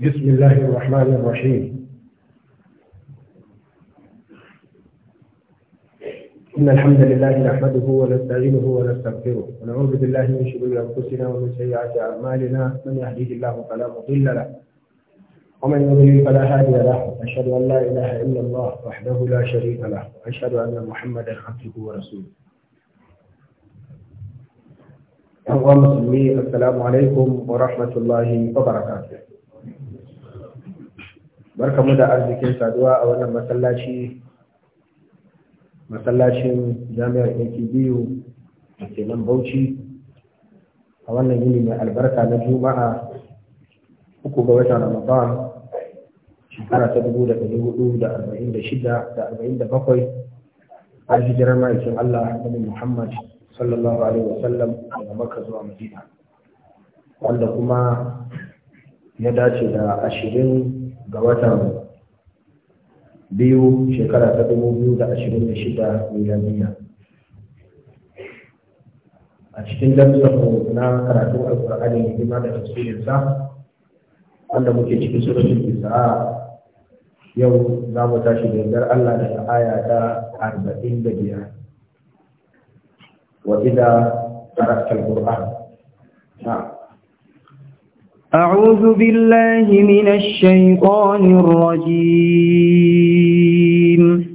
بسم الله الرحمن الرحيم إن الحمد لله نحمده ونستعينه ونستغفره ونعوذ بالله من شرور أنفسنا ومن سيئات أعمالنا من يهديه الله فلا مضل له ومن يضلل فلا هادي له أشهد أن لا إله إلا الله وحده لا شريك له وأشهد أن محمدا عبده ورسوله أهوى مسلمي السلام عليكم ورحمة الله وبركاته barka mu da arzikin saduwa a wannan masallaci masallacin jami'ar yanki biyu a ke bauchi a wannan yini mai albarka na juma'a uku ga watan ramadan shekara ta dubu da ɗari hudu da arba'in da shida da arba'in da bakwai an hijirar ma'aikin allah nabi muhammad sallallahu alaihi wasallam daga makka zuwa madina wanda kuma ya dace da ashirin ga watan biyu shekara ta dubu biyu da ashirin da shida miliyaniya a cikin darussanmu na karatun alkur'ani hidima da tafsirinsa wanda muke cikin surutun isa'a yau za mu tashi da yardar Allah da aya ta arba'in da biyar wa ida أعوذ بالله من الشيطان الرجيم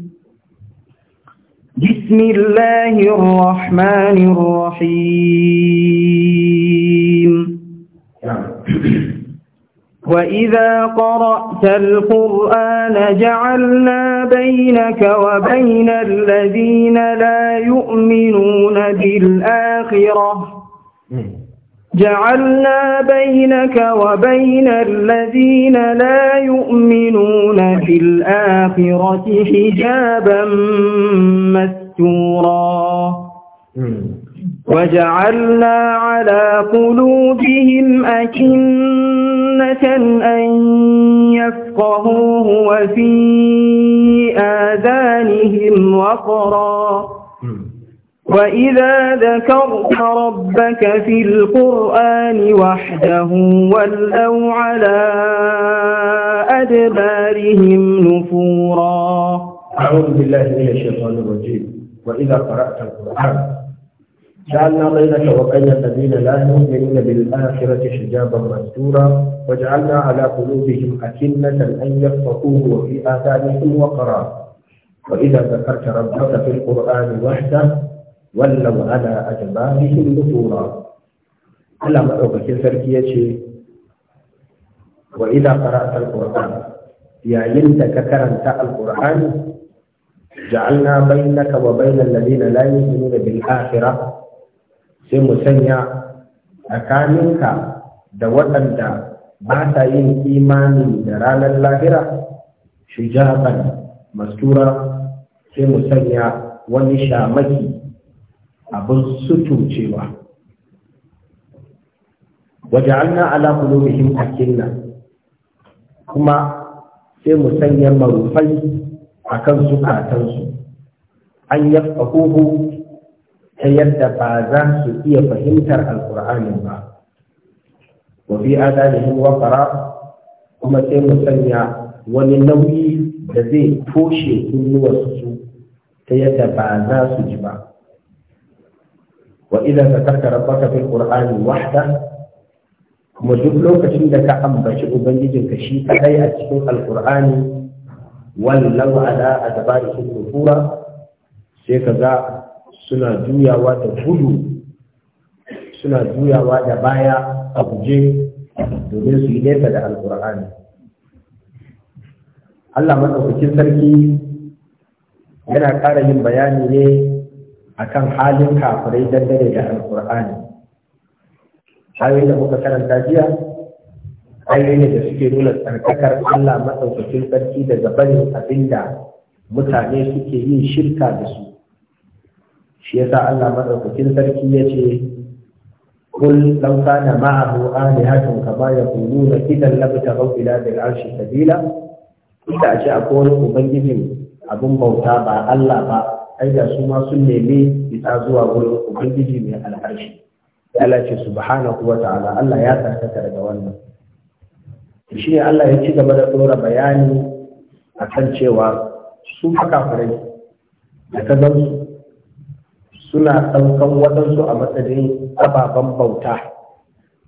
بسم الله الرحمن الرحيم وإذا قرأت القرآن جعلنا بينك وبين الذين لا يؤمنون بالآخرة جعلنا بينك وبين الذين لا يؤمنون في الآخرة حجابا مستورا وجعلنا على قلوبهم أكنة أن يفقهوه وفي آذانهم وقرا وإذا ذكرت ربك في القرآن وحده ولوا على أدبارهم نفورا أعوذ بالله من الشيطان الرجيم وإذا قرأت القرآن جعلنا بينك وبين الذين لا يؤمنون بالآخرة حجابا مستورا وجعلنا على قلوبهم أكنة أن يفقهوه وفي آثارهم وقرا وإذا ذكرت ربك في القرآن وحده wallau ala adbarihim nufura Allah maɗaukakin sarki ya ce wa idza qara'ta alquran yayin da ka karanta na ja'alna bainaka wa bainal ladina la da bin akhirah sai mu sanya tsakaninka da waɗanda ba ta yin imani da ranar lahira shijaban mastura sai mu sanya wani shamaki abin sutucewa waja'alna ala qulubihim nan, kuma sai mu sanya marufai akan zukatansu an yafqahuhu ta yadda ba za su iya fahimtar alkur'ani ba wa fi adanihim wakara kuma sai mu sanya wani nauyi da zai toshe kunnuwarsu ta yadda ba za su ji ba وإذا ذكرت ربك في القرآن وحده kuma duk lokacin da ka ambaci ubangijinka shi kadai a cikin alkur'ani wallau ala a dabari su sai ka suna juyawa da gudu suna juyawa da baya a guje domin su yi nesa da alkur'ani Allah maɗaukakin sarki yana ƙara yin bayani ne akan halin kafirai dangane da alkur'ani ayoyin da muka karanta jiya ayoyi da suke nuna tsarkakar Allah maɗaukakin sarki da barin abin da mutane suke yin shirka da su shi yasa Allah maɗaukakin sarki ya ce قل لو كان معه آلهة كما idan إذا da إلى ذي العرش سبيلا إذا أجاء wani ubangijin abin bauta ba Allah ba. ai da su ma sun nemi isa zuwa wurin ubangiji mai alharshi Allah ce subhanahu wa ta'ala Allah ya tsarkaka daga wannan shi ne Allah ya ci gaba da tsora bayani kan cewa su kafirai da ka suna ɗaukan waɗansu a matsayin ababen bauta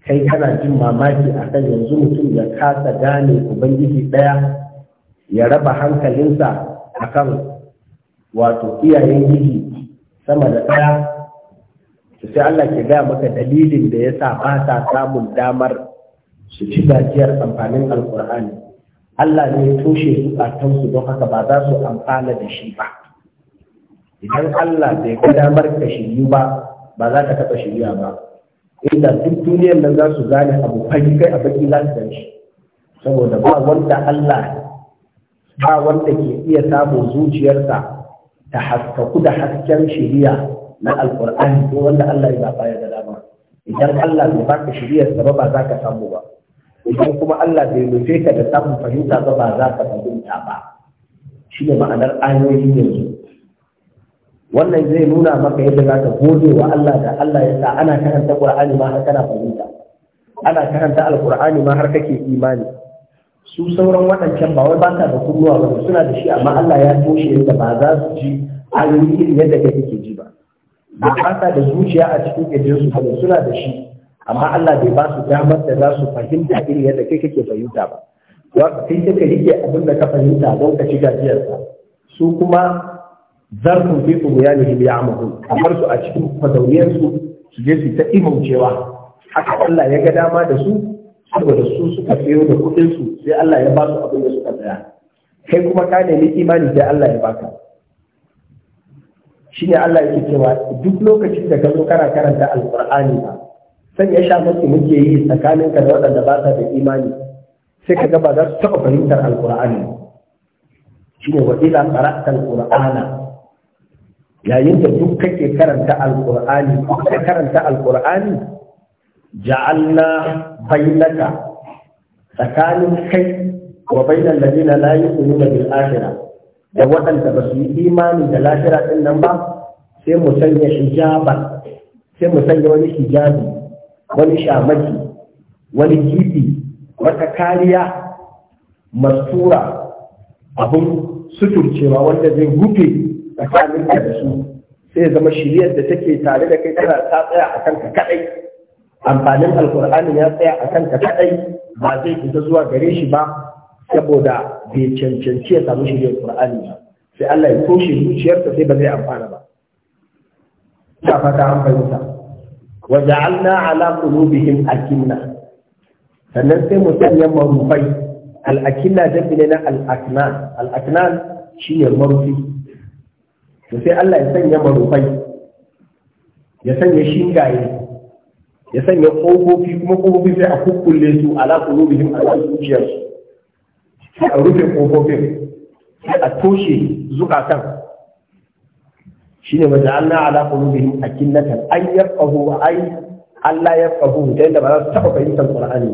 kai kana jin mamaki akan yanzu mutum ya kasa gane ubangiji ɗaya ya raba hankalinsa a kan. wato iyayen giji sama da ɗaya su sai Allah ke gaya maka dalilin da ya sa ba sa samun damar su ci gajiyar amfanin alkur'ani Allah ne ya toshe bukatansu don haka ba za su amfana da shi ba idan Allah bai ga damar ka shiryu ba ba za ka taɓa shirya ba inda duk duniyar nan za su gane abu fari kai a baki za saboda ba wanda Allah ba wanda ke iya samun zuciyarsa ta haskaku da hasken shiriya na alkur'ani ko wanda Allah ya zaba ya da dama idan Allah bai baka shiriyar sa ba za ka samu ba idan kuma Allah bai nufe ka da samun fahimta ba ba za ka fahimta ba shi ne ma'anar ayoyin yanzu wannan zai nuna maka yadda za ka gode wa Allah da Allah ya sa ana karanta Qur'ani ma har kana fahimta ana karanta Alƙur'ani ma har kake imani su sauran waɗancan ba wai ba sa da kunnuwa ba suna da shi amma Allah ya toshe yadda ba za su ji ayoyi irin yadda kai kake ji ba ba ba sa da zuciya a cikin gajiyar su ba suna da shi amma Allah bai ba su damar da za su fahimta irin yadda kai kake fahimta ba kai kake rike abin da ka fahimta don ka ci sa su kuma zarfin fi ku ya nihi ya amahu kamar su a cikin kwadauniyarsu su je su ta imaucewa haka Allah ya ga dama da su saboda su suka siyo da kudin su sai Allah ya ba su abin da suka tsaya. kai kuma ka nemi imani sai Allah ya baka shine Allah yake cewa duk lokacin da ka zo kana karanta alqur'ani ba san ya sha maki muke yi tsakanin ka da waɗanda ba sa da imani sai ka ga ba za su taɓa fahimtar alqur'ani shine wa ila qara'ta alqur'ana yayin da duk kake karanta alqur'ani ka karanta alqur'ani ja'alna bainaka tsakanin kai wa bainal ladina la yu'minuna bil akhirah da waɗanda ba su yi imani da lahira din nan ba sai mu sanya hijaba sai mu sanya wani hijabi wani shamaki wani gibi wata kariya mastura abin suturcewa wanda zai rufe tsakanin da su sai zama shiriyar da take tare da kai tana ta tsaya a kanka kadai amfanin alkur'ani ya tsaya a kanka kadai ba zai fita zuwa gare shi ba saboda bai cancanci ya samu shirya alkur'ani ba sai Allah ya toshe zuciyarsa sai ba zai amfana ba ta fata an fahimta wa ja'alna ala qulubihim akinna sannan sai mu sanya marufai al-akinna da ne na al-aknan al-aknan shine marufi to sai Allah ya sanya marufai ya sanya shingaye ya sanya kofofi kuma kofofi sai a kukkulle su ala qulubihim ala zuciyar sai a rufe ƙofofin, sai a toshe zukatan shine wa ja'alna ala qulubihim akinnatan an yafqahu wa ay Allah fahu da yadda ba za su taɓa fahimtar Qur'ani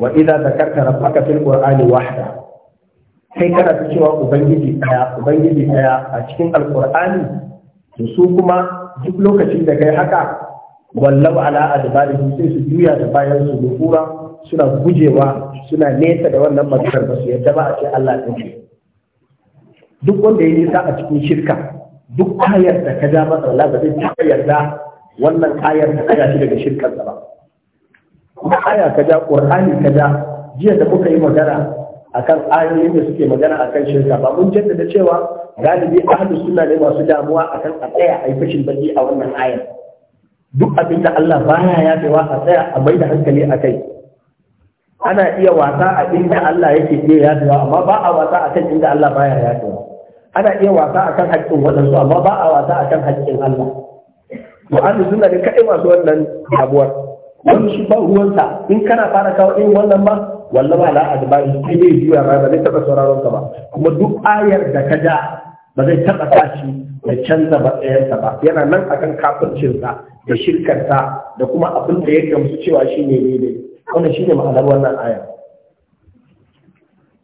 wa idza zakarta rabbaka fil Qur'ani wahda kai kana cewa ubangiji daya ubangiji daya a cikin alqur'ani to su kuma duk lokacin da kai haka wallau ala adbarihim sai su juya da bayan su dukura suna gujewa suna nesa da wannan matsalar ba su yadda ba a ce Allah ta ce duk wanda ya nisa a cikin shirka duk ayar da ka ja masa Allah ba zai taɓa yarda wannan ayar da ka shi daga shirkar ba kuma aya ka ja Qur'ani ka ja jiya da kuka yi magana akan ayoyin da suke magana akan shirka ba mun jaddada cewa galibi ahlus sunna ne masu damuwa akan a tsaya a yi fashin baki a wannan ayar duk abin da Allah baya ya wa a tsaya a mai da hankali a kai ana iya wasa a inda Allah yake ke ya wa amma ba a wasa a kan inda Allah baya ya wa. ana iya wasa a kan haƙƙin waɗansu amma ba a wasa a kan haƙƙin Allah to ahlus sunna ne kaɗai masu wannan abuwar wani shi ba ruwansa in kana fara kawo in wannan ba la ala in sai ne juya ba zai taba sauraron ka ba kuma duk ayar da ka ja ba zai taba tashi da canza ba tsayarsa ba yana nan akan kafircinsa da shirkarsa da kuma abin da ya gamsu cewa shi ne daidai kuma shi ne ma'anar wannan ayar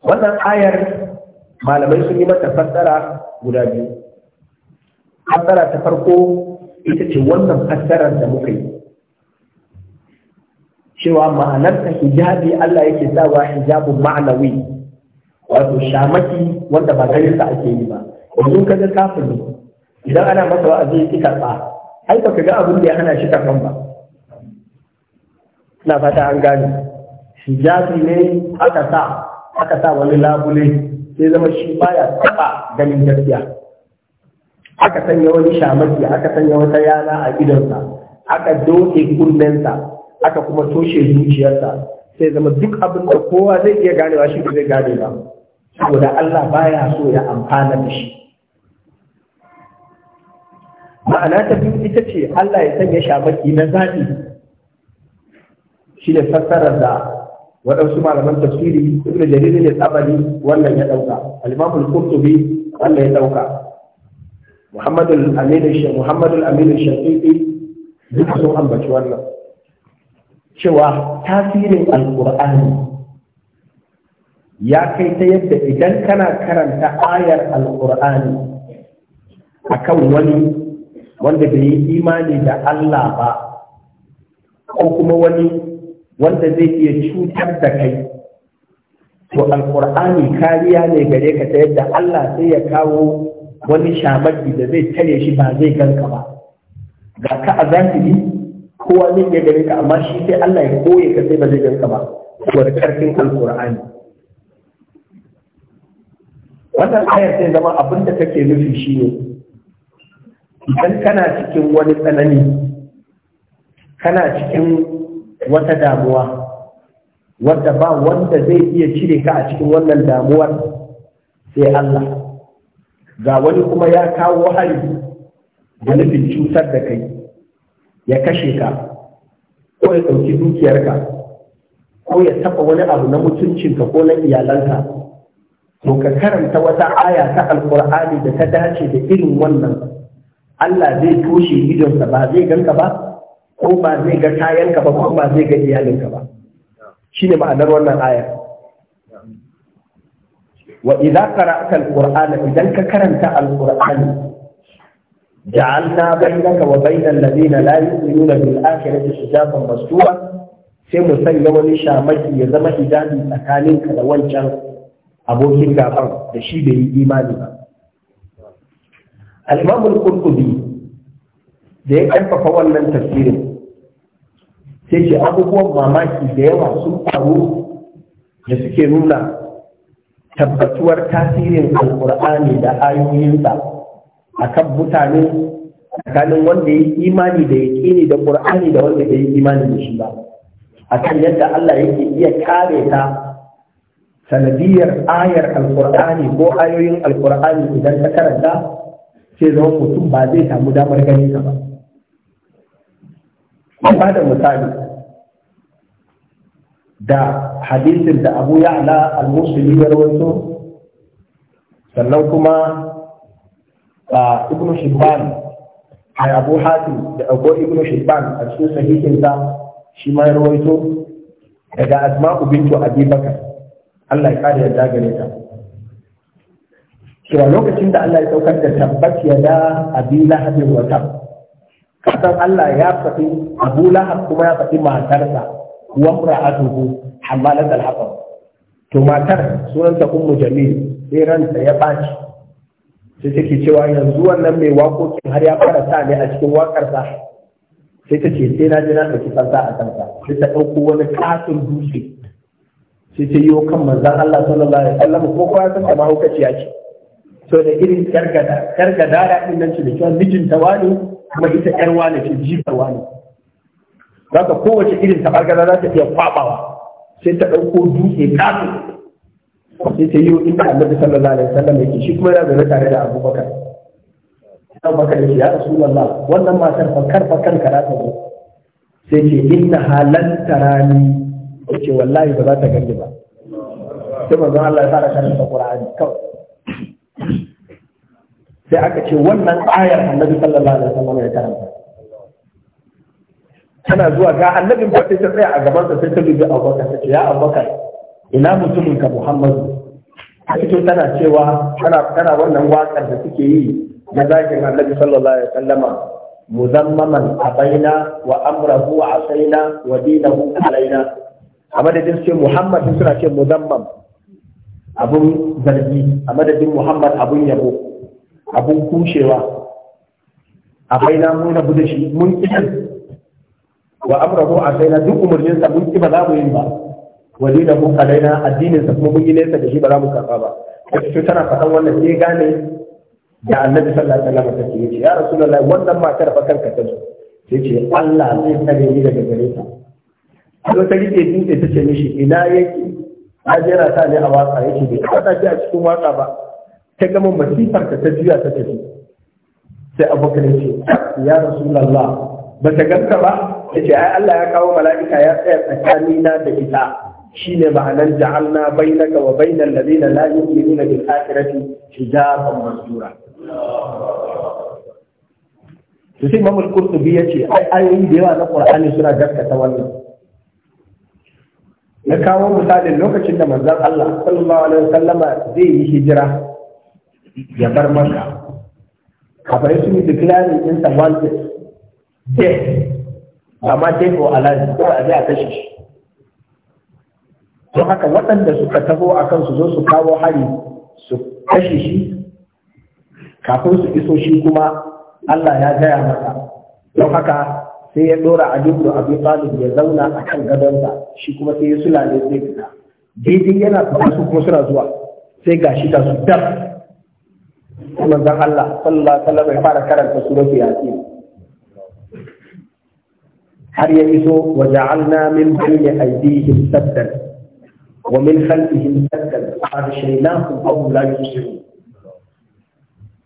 wannan ayar malamai sun yi mata fassara guda biyu fassara ta farko ita ce wannan fassarar da muka yi cewa ma'anarsa hijabi Allah yake sawa hijabu ma'anawi wato shamaki wanda ba ganin sa ake yi ba yanzu ka ga kafiri idan ana masa wa'azi ki karba ai baka ga abin da ya hana shi karban ba ina fata an gane hijabi ne aka sa aka sa wani labule sai zama shi baya taba ganin gaskiya aka sanya wani shamaki aka sanya wata yana a gidansa aka doke kunnensa aka kuma toshe zuciyarsa sai zama duk abin da kowa zai iya ganewa shi da zai gane ba saboda Allah baya so ya amfana da shi ma'ana ta biyu ita ce Allah ya sanya shamaki na zaɓi shi ne fassarar da waɗansu malaman tafsiri ibn jarir ne tsabari wannan ya ɗauka al al qurtubi wannan ya ɗauka muhammadul amin al amin duk sun ambaci wannan cewa tasirin alƙur'ani ya kai ta yadda idan kana karanta ayar alƙur'ani akan wani wanda bai yi imani da Allah ba ko kuma wani wanda zai iya cutar da kai to alƙur'ani kariya ne gare ka ta yadda Allah sai ya kawo wani shamaki da zai tare shi ba zai ganka ba ga ka a zahiri kowa ne ya gare ka amma shi sai Allah ya koye ka sai ba zai ganka ba saboda karfin alkur'ani wannan ayar sai zama abin da kake nufi ne. idan kana cikin wani tsanani kana cikin wata damuwa wadda ba wanda zai iya cire ka a cikin wannan damuwar sai Allah ga wani kuma ya kawo hari da nufin cutar da kai ya kashe ka ko ya ɗauki dukiyarka ko ya taɓa wani abu na mutuncinka ko na iyalanka to ka karanta wata aya ta alkur'ani da ta dace da irin wannan Allah zai toshe idonsa ba zai ganka ba ko ba zai ga kayanka ba ko ba zai ga iyalinka ba shine ma'anar wannan aya wa idza qara'ta alqur'ana idan ka karanta alqur'ani ja'alna bainaka wa bainal ladina la yu'minuna bil akhirati hijaban mastura sai mu sanya wani shamaki ya zama hijabi tsakaninka da wancan abokin gaban da shi bai yi imani ba al kurkubi da ya karfafa wannan tafsirin sai ce abubuwan mamaki da yawa sun faru da suke nuna tabbatuwar tasirin alkur'ani da ayoyinsa akan mutane tsakanin wanda ya imani da ya ƙini da ƙur'ani da wanda ya yi imani da shi ba akan yadda Allah yake iya kare ta sanadiyar ayar alƙur'ani ko ayoyin alƙur'ani idan ta karanta sai zama mutum ba zai samu damar gani ta ba. Ba da misali, da hadisin da abu ya'la al-musulmi ya rawaito sannan kuma ibnu shibban ai abu hatim da ago ibnu shibban a cikin sahihin sa shi ma rawaito daga asma'u bintu abi bakar Allah ya kare yadda gare ta cewa lokacin da Allah ya saukar da tabbat ya da abi lahabin wa tab kasan Allah ya faɗi abu lahab kuma ya faɗi matarsa wa imra'atuhu hamalat al-hatab to matar sunanta ummu jamil sai ranta ya baci sai take cewa yanzu wannan mai waƙoƙin har ya fara sa ne a cikin waƙarsa sai ta ce sai na je na ɗauki kansa a kansa sai ta ɗauko wani ƙaton dutse sai ta yi wa kan manzan Allah sallallahu alaihi wasallam ko kowa san ta mahaukaciya ce to da irin gargada gargada da ɗin nan ce da cewa mijinta wani kuma ita ƴar wani ce jibar wani za ka kowace irin bargada za ta iya kwabawa sai ta ɗauko dutse ƙaton sai ta yi wa inda annabi sallallahu alaihi wasallam yake shi kuma yana zaune tare da abubakar abubakar yake ya rasulullah wannan matar fakar fakar ka za ta zo sai ce inna halan tarani yake wallahi ba za ta gani ba sai manzon Allah ya fara karanta Qur'ani kawai sai aka ce wannan ayar annabi sallallahu alaihi wasallam ya karanta tana zuwa ga annabin ba sai ta tsaya a gaban sa sai ta dubi Abubakar ta ce ya Abubakar ina mutumin ka muhammadu a cikin tana cewa tana wannan waƙar da suke yi na zagin annabi sallallahu alaihi sallama muzammaman abaina wa amrahu asaina wa dinahu alaina a madadin ce muhammad suna ce muzammam abun zargi a madadin muhammad abun yabo abun kushewa abaina mun rabu da shi mun kidan wa amrahu asaina duk umarninsa mun ki ba za mu yi ba wa dinahu alaina addinin sa kuma mun yi nesa da shi ba za mu karba ba sai tana faɗan wannan sai eh, gane da annabi sallallahu alaihi wasallam take yace ya rasulullahi wannan matar fa kanka ta sai ce Allah zai tsare ni daga gare ta to ta rike dutse ta ce mishi ina yake ajira ta ne a waka yake bai faɗa shi a cikin waka ba ta gama masifar ta ta juya ta tafi sai abokan ya ce ya rasulullahi ba ta ganka ba ta ce ai Allah ya kawo mala'ika ya tsaya na da ita Shi ne ma'anar ja'alna bainaka wa bainal ladina la yu'minuna bil akhirati hijaban mastura Su sai mamul al ya ce, ai ayoyi da yawa na ƙur'ani suna gaskata wannan Na kawo misalin lokacin da manzan Allah sallallahu alaihi wasallama zai yi hijira ya bar maka kafirai sun yi declaring ɗinsa wanted dead amma dead or alive ko a je a kashe shi don haka waɗanda suka taho a kan su zo su kawo hari su kashe shi kafin su iso shi kuma Allah ya gaya masa don haka sai ya ɗora a duk abu talib ya zauna a kan gadonsa shi kuma sai ya sulale sai fita daidai yana fita su kuma suna zuwa sai ga shi da su dab kuma zan Allah sallallahu alaihi wasallam ya fara karanta suratul yasin har ya iso wa ja'alna min bayni aydihim saddan ومن خلفهم سدا فأغشيناهم فهم لا يبصرون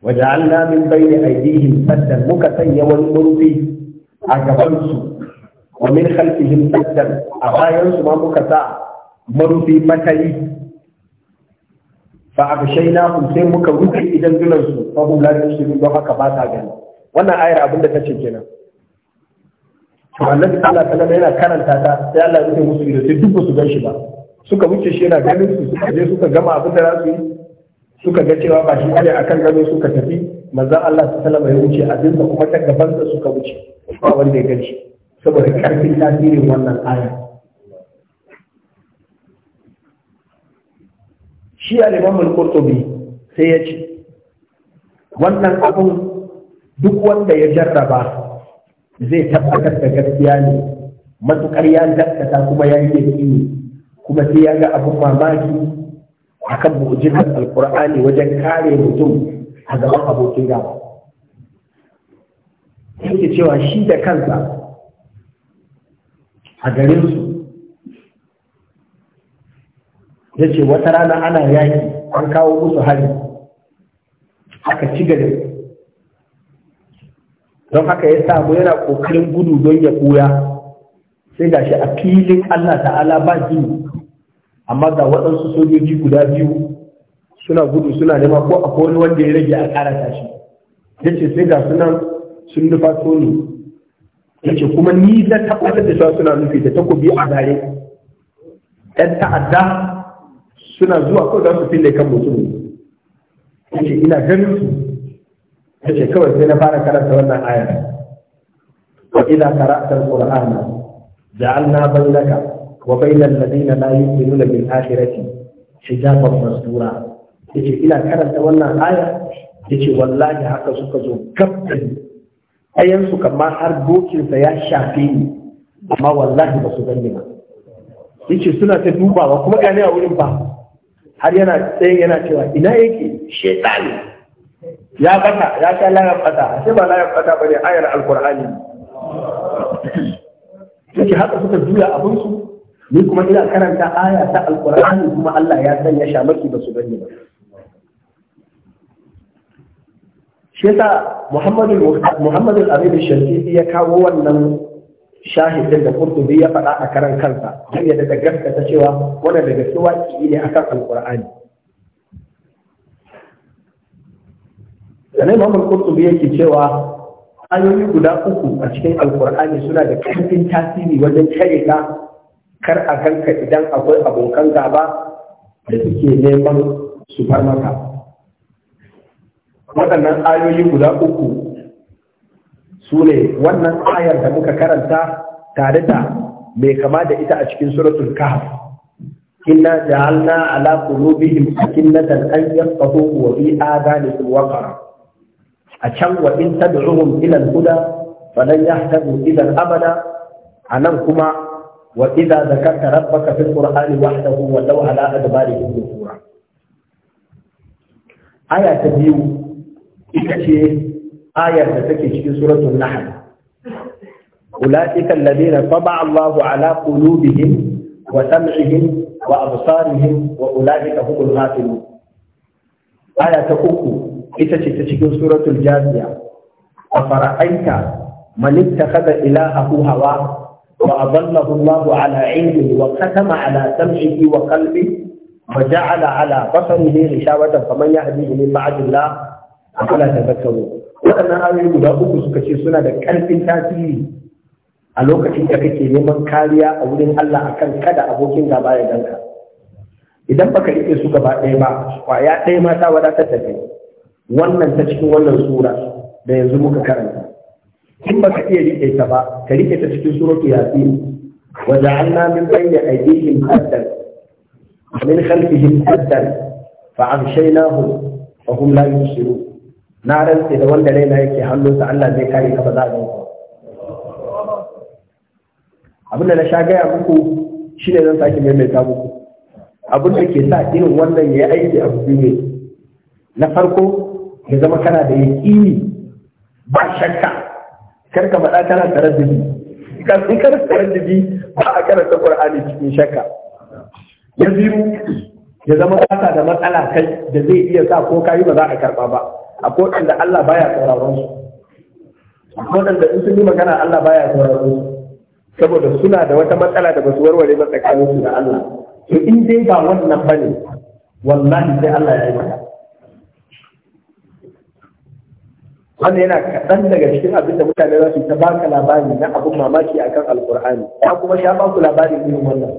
وجعلنا من بين أيديهم سدا مكتيا والمرضي أجبنسوا ومن خلفهم سدا أباينسوا ما مكتا مرضي مكلي فأغشيناهم سين مكوتي إذا دونسوا فهم لا يبصرون وما كباتا جنة wannan ayar abin da ta ce kenan to annabi sallallahu alaihi wasallam yana karanta ta sai Allah ya rufe musu ido sai duk su gan shi ba suka wuce shi yana ganin su suka je suka gama abin da su yi suka ga cewa ba shi ne akan gado suka tafi manzo Allah sallallahu alaihi wasallam ya wuce abin da kuma ta gaban da suka wuce ba wanda ya gani saboda karfin tasirin wannan aya shi al-Imam al-Qurtubi sai ya ce wannan abun duk wanda ya jarraba zai tabbatar da gaskiya ne matukar ya gaskata kuma ya yi ne kuma sai ya ga abin mamaki a kan mu'jizar alkur'ani wajen kare mutum a gaban abokin gaba yake cewa shi da kansa a garin su. ya ce wata rana ana yaki an kawo musu hari aka ci gari don haka ya samu yana kokarin gudu don ya ɓuya sai ga shi a filin Allah ta'ala ba jini amma ga waɗansu sojoji guda biyu suna gudu suna nema ko a wani wanda ya rage a karata shi ya ce sai ga sunan sun nufa toni ya ce kuma ni na tabbatar da cewa suna nufi da takobi a zare ɗan ta'adda suna zuwa ko za su fille kan mutum ya ce ina ganin su ya ce kawai sai na fara karanta wannan ayar wa idza qara'ta al na ja'alna bainaka وبين الذين لا يؤمنون بالآخرة حجابا مسدورا yace ina karanta wannan aya yace wallahi haka suka zo kafin ayan su kamar har dokin ya shafe ni amma wallahi ba su gani ba yace suna ta dubawa kuma gane a wurin ba har yana tsayin yana cewa ina yake shaytani ya bata ya kai layan bata sai ba layan bata haka suka juya abin su ni kuma ina karanta aya ta alkur'ani kuma Allah ya san sha shamaki ba su gani ba shi yasa Muhammadu Muhammadu Abid Shafi'i ya kawo wannan shahidin da Qurtubi ya faɗa a karan kansa har ya daga gaskata cewa wannan daga ki ne akan alkur'ani sannan Muhammad Qurtubi yake cewa ayoyi guda uku a cikin alkur'ani suna da karfin tasiri wajen kare ka kar a kanka idan akwai abokan gaba da suke neman su far maka waɗannan ayoyi guda uku su ne wannan ayar da muka karanta tare da mai kama da ita a cikin suratul kahf inna ja'alna ala qulubihim akinnatan an yafqahu wa fi adanihim waqara a can wa in tad'uhum ila al-huda falan yahtadu ila abada anan kuma وإذا ذكرت ربك في القرآن وحده ولو على أدبارهم نفورا آية تبيو إكتشي آية تتكي في سورة النحل أولئك الذين طبع الله على قلوبهم وسمعهم وأبصارهم وأولئك هم الغافلون آية تقوكو إتتي تشكي سورة الجازية أفرأيت من اتخذ إلهه هواه وأضله الله على علمه وختم على سمعه وقلبه وجعل على بصره غشاوة فمن يهديه من بعد الله فلا تذكروا waɗannan ayoyi guda uku suka ce suna da ƙarfin tasiri a lokacin da kake neman kariya a wurin Allah akan kada abokin gaba ya danka idan baka rike su gaba ɗaya ba kwaya ɗaya ma ta wadatar da kai wannan ta cikin wannan sura da yanzu muka karanta in ba ka iya rike ta ba ka rike ta cikin suratu yasin wa ja'alna min bayni aydihim saddan min khalfihim saddan fa amshaynahum fa hum la shiru. na rantse da wanda raina yake hannunsa Allah zai kare ka ba za a yi abin da na sha gaya muku shi ne zan sake maimaita muku abin da ke sa irin wannan ya yi aiki a biyu ne na farko ya zama kana da yaƙini ba shakka kar ka faɗa kana taraddudi kan in kana taraddudi ba a karanta Qur'ani cikin shakka ya biyu ya zama kasa da matsala kai da zai iya sa ko kai ba za a karba ba akwai da Allah baya sauraron su akwai da in sun yi magana Allah baya sauraron su saboda suna da wata matsala da basu warware ba tsakaninsu da Allah to in dai ba wannan bane wallahi sai Allah ya yi maka wannan yana kaɗan daga cikin abin da mutane za su ta baka labari na abin mamaki akan Alƙur'ani. ya kuma sha baku labari irin wannan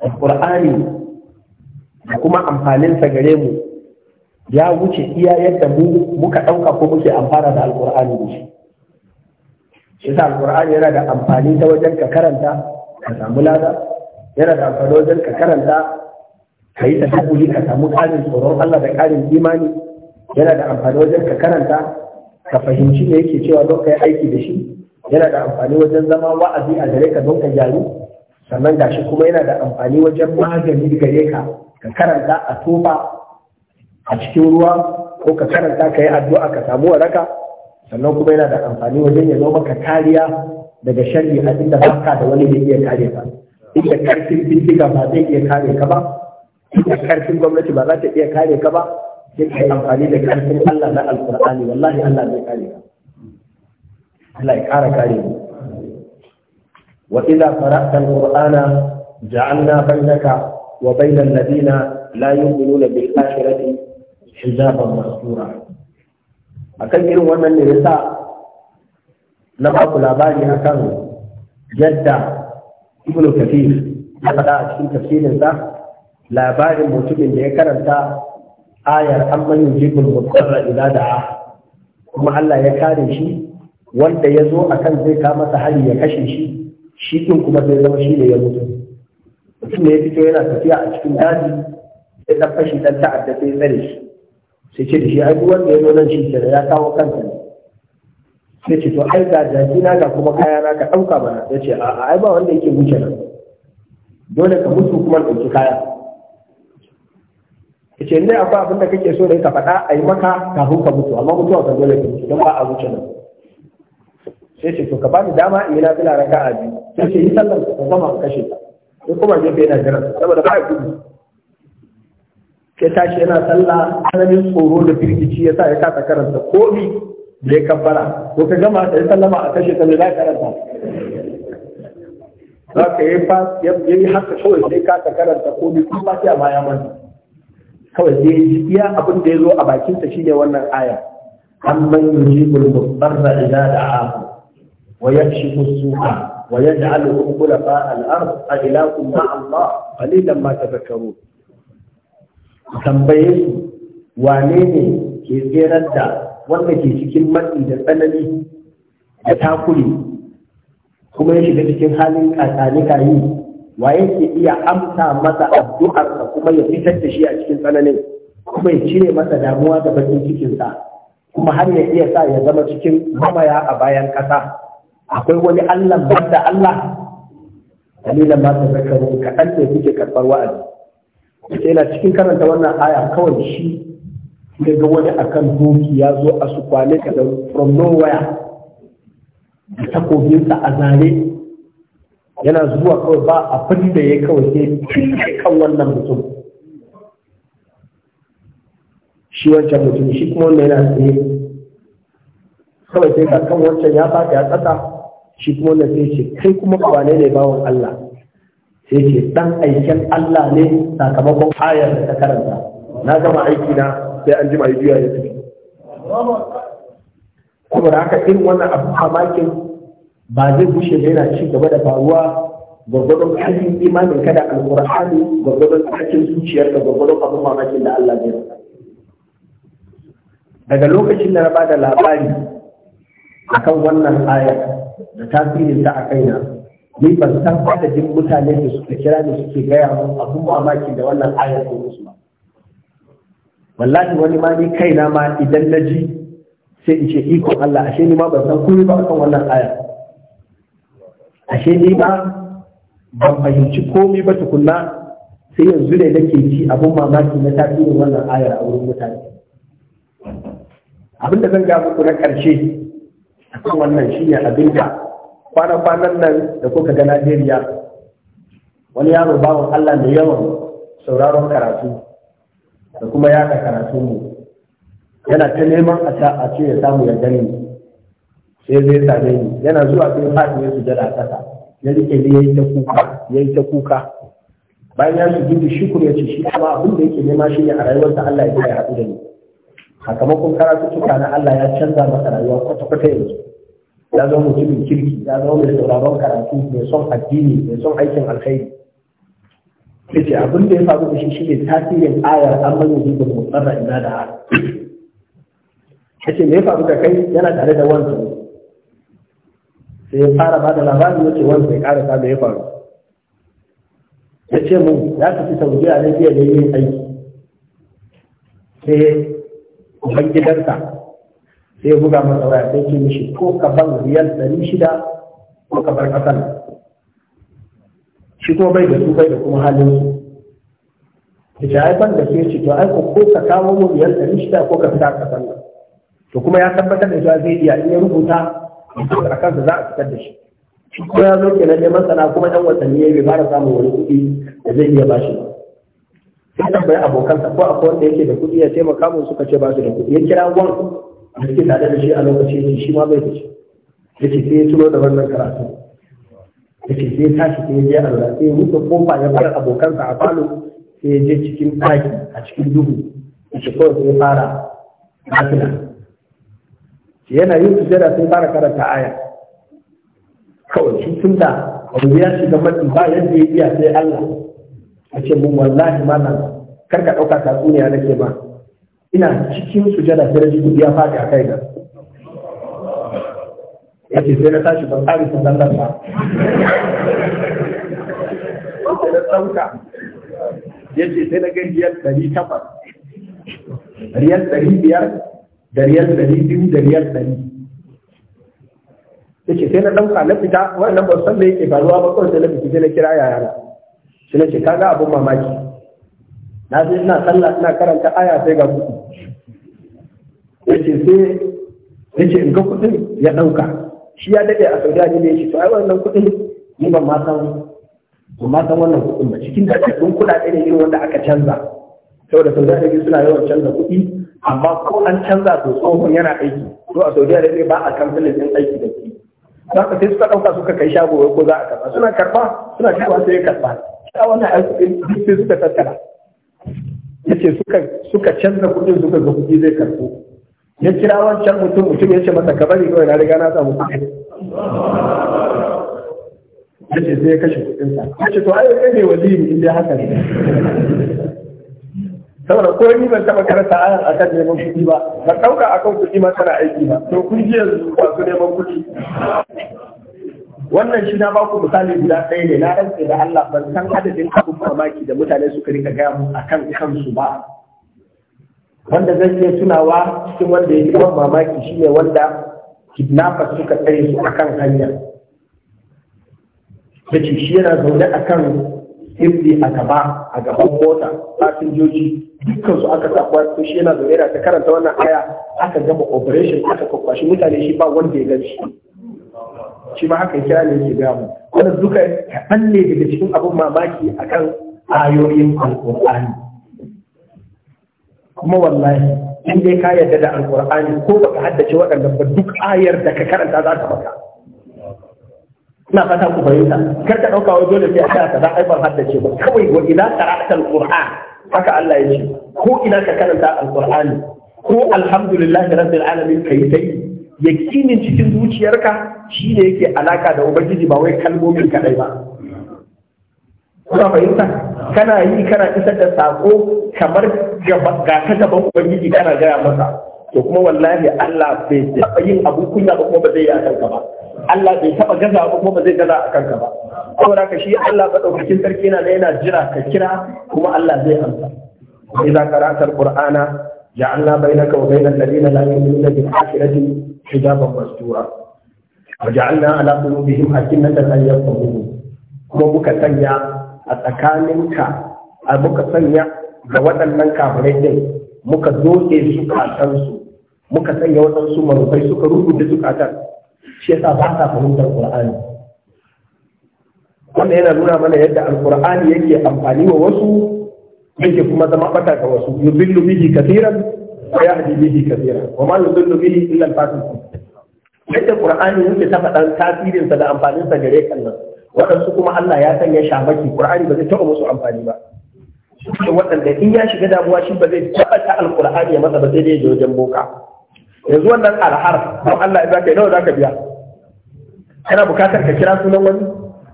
Alƙur'ani da kuma amfaninsa gare mu ya wuce iya yadda mu muka ɗauka ko muke amfana da Alƙur'ani da shi shi sa alkur'ani yana da amfani ta wajen ka karanta ka samu lada yana da amfani wajen ka karanta ka yi ta ka samu ƙarin tsoron Allah da ƙarin imani yana da amfani wajen ka karanta ka fahimci me yake cewa don ka yi aiki da shi yana da amfani wajen zama wa'azi a gare ka don ka gyaru sannan gashi kuma yana da amfani wajen magani gare ka ka karanta a tofa a cikin ruwa ko ka karanta ka yi addu'a ka samu waraka sannan kuma yana da amfani wajen ya zo maka kariya daga sharri a inda baka da wani da iya kare ka inda karfin bindiga ba zai iya kare ka ba inda karfin gwamnati ba za ta iya kare ka ba sai ka yi amfani da karfin Allah na alkur'ani wallahi Allah zai kare ka Allah ya kara kare mu wa idza qara'ta alqur'ana ja'alna bainaka wa bainal ladina la yu'minuna bil akhirati hijaban mastura akan irin wannan ne yasa na ba ku labari akan yadda ibnu kathir ya faɗa a cikin tafsirinsa labarin mutumin da ya karanta ayar amman yujibul mutarra ila da'a kuma Allah ya kare shi wanda ya zo akan zai ka masa hari ya kashe shi shi din kuma sai zama shi ne ya mutu mutum ne ya fito yana tafiya a cikin daji sai ɗan fashi dan ta'adda sai tsare shi sai ce da shi ai wanda ya zo nan shi da ya kawo kansa ne sai ce to ai ga na ga kuma kaya na ka ɗauka mana ya ce a'a ai ba wanda yake wuce nan dole ka mutu kuma ɗauki kaya ce ne akwai abin da kake so da ka faɗa a yi maka kafin ka mutu amma mutuwa ka dole ka mutu don ba a wuce nan sai ce to ka bani dama in yi na fila raka a biyu sai ce yi sallar ka zama ka kashe ta sai kuma gefe yana jira saboda ba a gudu sai tashi yana sallah tsananin tsoro da firgici ya sa ya kasa karanta komi da ya kabbara ko ka gama da ya sallama a kashe ta zai karanta za ka yi fa ya yi haka kawai sai kasa karanta komi kuma ba sai a ma ya manta kawai sai ji iya abin da ya zo a bakinsa shine wannan aya amman yujibul mudarra idza da'ahu wa yakshifu as-su'a ويجعلكم خلفاء الأرض أإله مع الله قليلا ما تفكرون tambaye su wane ne ke tserar da wanda ke cikin matsi da tsanani da takuri kuma ya shiga cikin halin kakani kayi wa yake iya amsa masa addu'arsa kuma ya fitar da shi a cikin tsananin kuma ya cire masa damuwa da bakin cikinsa kuma har ya iya sa ya zama cikin mamaya a bayan ƙasa akwai wani allah banda allah dalilan ba ta zakaru kaɗan ne kuke karɓar wa'azi sai na cikin karanta wannan aya kawai shi sai ga wani akan doki ya zo a su kwale ka da from nowhere da takobinsa a zare yana zuwa kawai ba abin da ya kawai sai kan wannan mutum shi wancan mutum shi kuma wanda yana tsaye kawai sai ka kan wancan ya ba ya tsaka shi kuma wanda sai ce kai kuma kwane ne bawon Allah sai ce dan aiken Allah ne sakamakon ayar da ta karanta na gama aiki na sai an ji mai biya ya tafi kuma da haka irin wannan abu hamakin ba zai bushe da yana ci gaba da faruwa gwargwadon ƙarfin imanin kada alƙur'ani gwargwadon ƙarfin zuciyar da gwargwadon abin mamakin da Allah zai rasa daga lokacin da na ba da labari kan wannan aya da tasirin ta a kaina ni ban san adadin mutane da suka kira ni suke gaya mun abin mamaki da wannan aya ko musu ba wallahi wani ma ni kaina ma idan na ji sai in ce ikon Allah ashe ni ma ban san komai ba kan wannan aya ashe ni ba ban fahimci komai ba tukunna sai yanzu ne nake ci abin mamaki na tasirin wannan ayar a wurin mutane abin da zan ga muku na ƙarshe a kan wannan shi ne abin da kwana-kwanan nan da kuka ga Najeriya wani yaro bawan Allah mai yawan sauraron karatu da kuma yaka karatu mu yana ta neman a ce ya samu ya sai zai same ni yana zuwa sai faɗi ya sujada a ƙasa ya rike ne yayi ta kuka yayi ta kuka bayan ya sujudu shukur ya ce shi kuma abin da yake nema shi ne a rayuwarsa Allah ya ya haɗu da ni sakamakon karatu tuka na Allah ya canza masa rayuwa kwata-kwata yanzu ya zama mutumin kirki ya zama mai sauraron karatu mai son addini mai son aikin alkhairi ya ce abin da ya faru da shi shine tasirin ayar an manyan zuba mutsarra ina da har ya ce me ya faru da kai yana tare da wancan sai ya fara ba da labari wace wanda ya karasa da ya faru ya ce mun ya tafi a arabia da yin aiki sai gidansa sai ya buga masa waya sai ce mishi ko ka ban riyal ɗari shida ko ka bar ƙasar shi kuma bai da su bai da kuma halin su da ai ban da ke ce to ai ko ka kawo mu riyal ɗari shida ko ka fita ƙasar to kuma ya tabbatar da cewa zai iya in ya rubuta saboda a kansa za a fitar da shi shi kuma ya zo kenan neman sana kuma ɗan watanni ya bai fara samun wani kuɗi da zai iya bashi ba sai tambayi abokansa ko akwai wanda yake da kuɗi ya taimaka mu suka ce ba su da kuɗi ya kira wan da suke tare da shi a lokacin shi ma bai da shi ya ce sai ya tuno da wannan karatu Ya ce sai ya tashi sai ya je a Allah sai ya rufe kofa ya bar abokansa a falo sai ya je cikin ɗaki a cikin duhu Ya ce kawai sai ya fara nafila yana yin sujada sun fara karanta aya kawai shi tun da abu ya shiga matsi ba yadda ya iya sai Allah a ce mun wallahi ma kar ka ɗauka tatsuniya nake ba. ina cikin sujada sai rajibu biya faɗi a kai da ya ce sai na tashi ban tsari sun zallar ba na ɗauka ya ce sai na gan riyar ɗari takwas riyar ɗari biyar Dariyar riyal ɗari biyu da riyal ɗari ce sai na ɗauka na fita wannan ban san da yake faruwa ba kawai sai na fita sai na kira yayana sai na ce kaga abun mamaki na je ina sallah ina karanta aya sai ga kuɗi yace sai yace in ga kuɗin ya ɗauka shi ya daɗe a saudi arabia yace to ai wannan kuɗin ni ban ma san ban ma san wannan kuɗin ba cikin da kuɗaɗe ne irin wanda aka canza saboda saudi arabia suna yawan canza kuɗi amma ko an canza to tsohon yana aiki to a saudiya da ba a kamfanin din aiki da shi za ka sai suka ɗauka suka kai shago ko za a karɓa suna karɓa suna karɓa sai karɓa a wannan aiki sai suka tattara ya ce suka canza kuɗin suka ga kuɗi zai karɓo ya kira wancan mutum mutum ya ce masa ka bari kawai na riga na samu kuɗi ce sai ya kashe kuɗinsa ce to ai kai ne waliyi in dai haka ne saboda ko ni ban taba karanta ayan akan neman kuɗi ba ban ɗauka akan kuɗi ma tana aiki ba to kun ji yanzu masu neman kuɗi wannan shi na baku misali guda ɗaya ne na rantse da Allah ban san adadin abin mamaki da mutane suka rika gaya mu akan kansu ba wanda zan iya tunawa cikin wanda ya yi ban mamaki shi ne wanda kidnappers suka tsare su akan hanya da shi yana zaune akan hibbi a gaba a gaban mota fasinjoji dukkan su aka sakwa to shi yana zaune da ta karanta wannan aya aka gama operation aka kwakwashi mutane shi ba wanda ya gani shi ma haka kira ne ga mu wanda duka kaɗan ne daga cikin abin mamaki akan ayoyin alƙur'ani kuma wallahi in dai ka yarda da alƙur'ani ko baka haddace waɗanda ba duk ayar da ka karanta za ta baka ina fata ku fahimta kar ka dauka wai dole sai a ka kaza ai ban haddace ba kawai wa taratar qara'atal qur'an haka Allah ya ce ko ina ka karanta alqur'ani ko alhamdulillahi rabbil alamin kai sai yakinin cikin zuciyarka shine yake alaka da ubangiji ba wai kalmomin kadai ba kuna fahimta kana yi kana isar da sako kamar ga ta gaban ubangiji kana gaya masa to kuma wallahi Allah bai taɓa yin abun kunya ba kuma ba zai yi a ba Allah bai taɓa gaza ba kuma ba zai gaza a kanka ba saboda ka shi Allah madaukakin sarki yana yana jira ka kira kuma Allah zai amsa idza qara'ta na ja'alna na wa bainal ladina la yu'minuna bil akhirati hijaban mastura wa Allah ala qulubihim da an yafqahuhu kuma muka sanya a tsakaninka a muka sanya ga waɗannan kafirai ɗin, muka doke su kasansu muka sanya waɗansu marufai suka rubuta zukatan shi yasa ba sa fahimtar Qur'ani wannan yana nuna mana yadda alqur'ani yake amfani wa wasu yake kuma zama bata ga wasu yudillu bihi kathiran wa yahdi bihi kathiran wa ma yudillu bihi illa al-fasiqun yadda qur'ani yake ta faɗan tasirin sa da amfanin sa gare kan nan waɗansu kuma Allah ya sanya shamaki qur'ani ba zai taɓa musu amfani ba wadanda in ya shiga damuwa shi ba zai taɓa ta alqur'ani ya masa ba sai dai ya je wajen boka yanzu wannan alhar ko Allah ya zaka nawa zaka biya kana bukatar ka kira sunan wani